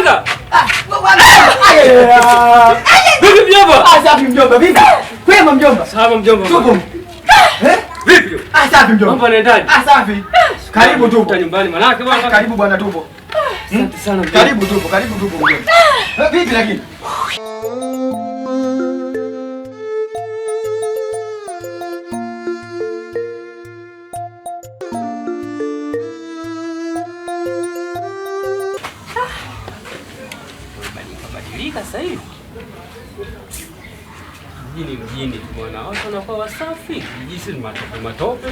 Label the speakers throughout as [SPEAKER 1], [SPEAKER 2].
[SPEAKER 1] kwanza. Vipi mjomba?
[SPEAKER 2] Ah, safi mjomba. Vipi? Kwema mjomba.
[SPEAKER 1] Sawa mjomba. Tupo. Eh? Vipi? Ah, safi mjomba. Mambo yanaendaje?
[SPEAKER 2] Ah, safi. Karibu tu
[SPEAKER 1] Tuta nyumbani manake bwana.
[SPEAKER 2] Karibu bwana tupo. Asante sana mjomba. Karibu tupo, karibu tupo mjomba. Eh, vipi lakini?
[SPEAKER 1] Ukifika sasa hivi mjini, mjini watu wanakuwa wasafi, matope matope.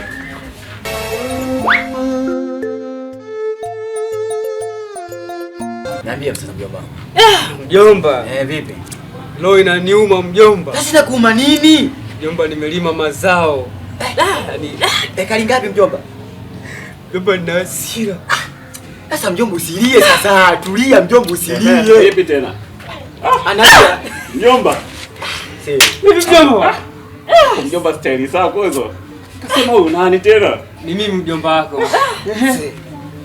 [SPEAKER 1] Niambie sasa mjomba.
[SPEAKER 2] Ah! mjomba. Eh, vipi? Leo inaniuma mjomba.
[SPEAKER 1] Sasa inakuuma nini?
[SPEAKER 2] Mjomba, nimelima mazao. Ekari
[SPEAKER 1] eh, ah, eh, eh, ngapi mjomba?
[SPEAKER 2] Mjomba, nina hasira. Ah,
[SPEAKER 1] sasa mjomba, usilie sasa, tulia mjomba, usilie. Vipi tena? Anaja. Mjomba. Mimi eh. mjomba.
[SPEAKER 2] Ah. Mjomba style zako Kasema huyu nani tena?
[SPEAKER 1] Ni mimi mjomba wako. Ah.
[SPEAKER 2] Eh.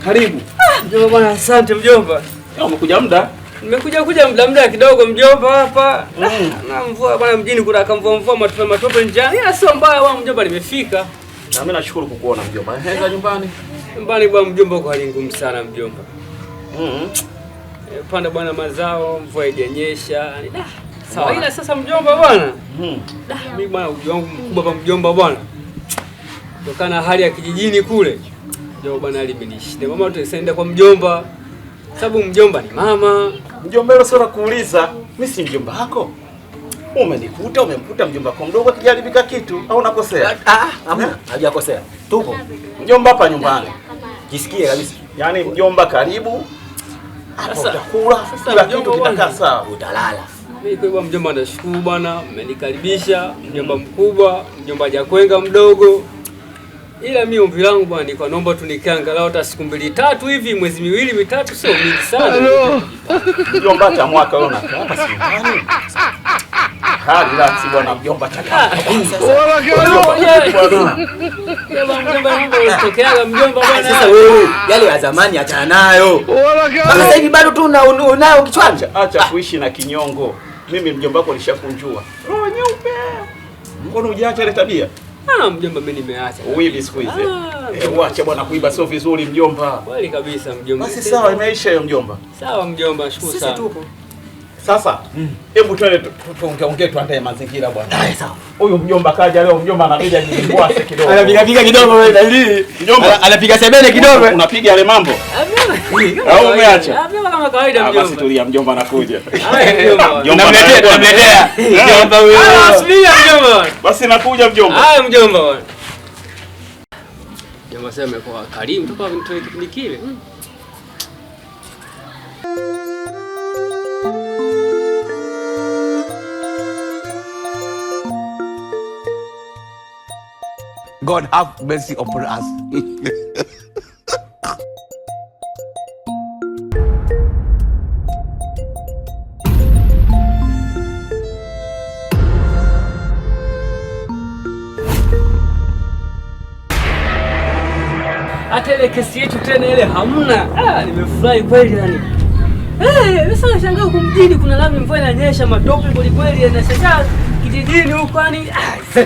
[SPEAKER 2] Karibu.
[SPEAKER 1] Ah. Mjomba bwana, asante mjomba.
[SPEAKER 2] Umekuja muda?
[SPEAKER 1] Nimekuja kuja muda muda kidogo mjomba hapa. Mm. Na mvua bwana mjini kuna kamvua mvua matope matope njiani. Ila sio mbaya bwana mjomba nimefika.
[SPEAKER 2] Na mimi nashukuru kukuona mjomba. Heza nyumbani.
[SPEAKER 1] Nyumbani bwana mjomba kwa hali ngumu sana mjomba. Mm panda bwana mazao, mvua haijanyesha. Sawa, ila sasa mjomba bwana, mimi hmm. bwana ujio wangu mkubwa kwa mjomba bwana, kutokana hali ya kijijini kule, ndio bwana alimenishinda mama, tutaenda kwa mjomba sababu mjomba ni mama.
[SPEAKER 2] Mjomba leo sio la kuuliza, mimi si mjomba wako. Umenikuta, umemkuta mjomba wako mdogo akijaribika kitu au nakosea? Ah,
[SPEAKER 1] ah, ah, hamna,
[SPEAKER 2] ah. hajakosea. Tupo mjomba hapa nyumbani, jisikie kabisa, yaani mjomba karibu utakula kila kitu kitakaa sawa,
[SPEAKER 1] utalala. Mimi mjomba, nashukuru bwana, mmenikaribisha mjomba mkubwa, mjomba Jakwenga mdogo. Ila mi ombi langu bwana, nilikuwa naomba tu nikae angalau hata siku mbili tatu hivi, mwezi miwili mitatu, sio mingi sana
[SPEAKER 2] mjomba, hata mwaka unakaa hapa Relax ah,
[SPEAKER 1] ah, wewe
[SPEAKER 2] yale ya zamani achana nayo.
[SPEAKER 1] Sasa hivi bado tu unayo kichwani.
[SPEAKER 2] Acha ah. kuishi na kinyongo. Mimi mjomba wako nishakunjua. Roho nyeupe. Mbona hujaacha ile tabia?
[SPEAKER 1] Ah, mjomba mimi nimeacha.
[SPEAKER 2] Uibi siku hizi. uache eh, bwana kuiba sio vizuri mjomba.
[SPEAKER 1] Kweli kabisa mjomba.
[SPEAKER 2] Basi sawa imeisha hiyo mjomba.
[SPEAKER 1] Sawa mjomba, shukuru sana.
[SPEAKER 2] Sisi tupo. Sasa mm. hebu mm. twende
[SPEAKER 1] tuongeongee, ya mazingira bwana. Hai
[SPEAKER 2] sawa. Huyu mjomba kaja leo, mjomba anapiga kidogo.
[SPEAKER 1] Anapiga piga kidogo wewe dalili. Mjomba anapiga sebene kidogo.
[SPEAKER 2] Unapiga yale mambo. Au umeacha? Mjomba kama kawaida ah, mjomba. Basi tulia, mjomba anakuja.
[SPEAKER 1] Mjomba mletea, tunamletea. Mjomba wewe. Ah, asilia mjomba.
[SPEAKER 2] Basi nakuja mjomba.
[SPEAKER 1] Ah, mjomba. Mjomba sema kwa karimu toka mtoe kipindi kile.
[SPEAKER 2] God have mercy upon us.
[SPEAKER 1] Hata ile kesi yetu tena ile hamna. Ah, nimefurahi kweli yani. Eh, sasa nashangaa huko mjini kuna lami mvua inanyesha matope kweli kweli, yanashangaa kijijini huko yani. Ah,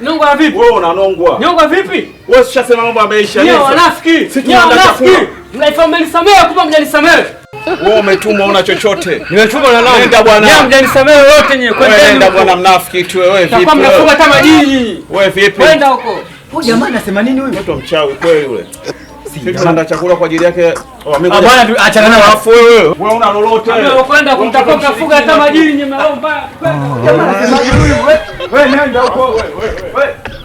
[SPEAKER 1] Nyongwa vipi?
[SPEAKER 2] Wewe unanongwa.
[SPEAKER 1] Nyongwa vipi?
[SPEAKER 2] Wewe ushasema mambo yameisha.
[SPEAKER 1] Ni wanafiki. Si wanafiki. Mnaifahamu mlisamehe kumbe mjanisamehe.
[SPEAKER 2] Wewe umetuma una chochote?
[SPEAKER 1] Nimetuma na nani?
[SPEAKER 2] Nenda bwana. Nyinyi
[SPEAKER 1] mjanisamehe wote nyinyi. Kwenda.
[SPEAKER 2] Nenda bwana mnafiki tu wewe vipi?
[SPEAKER 1] Kama mnafunga kama jiji. Wewe vipi? Kwenda huko. Huyu jamaa anasema nini huyu?
[SPEAKER 2] Mtu mchawi kweli yule na chakula kwa ajili yake.
[SPEAKER 1] Bwana, achana na wafu wewe.
[SPEAKER 2] Wewe una lolote?
[SPEAKER 1] Unakwenda kumtakoka kafuga hata majini nyuma. Wewe nenda huko.
[SPEAKER 2] Wewe.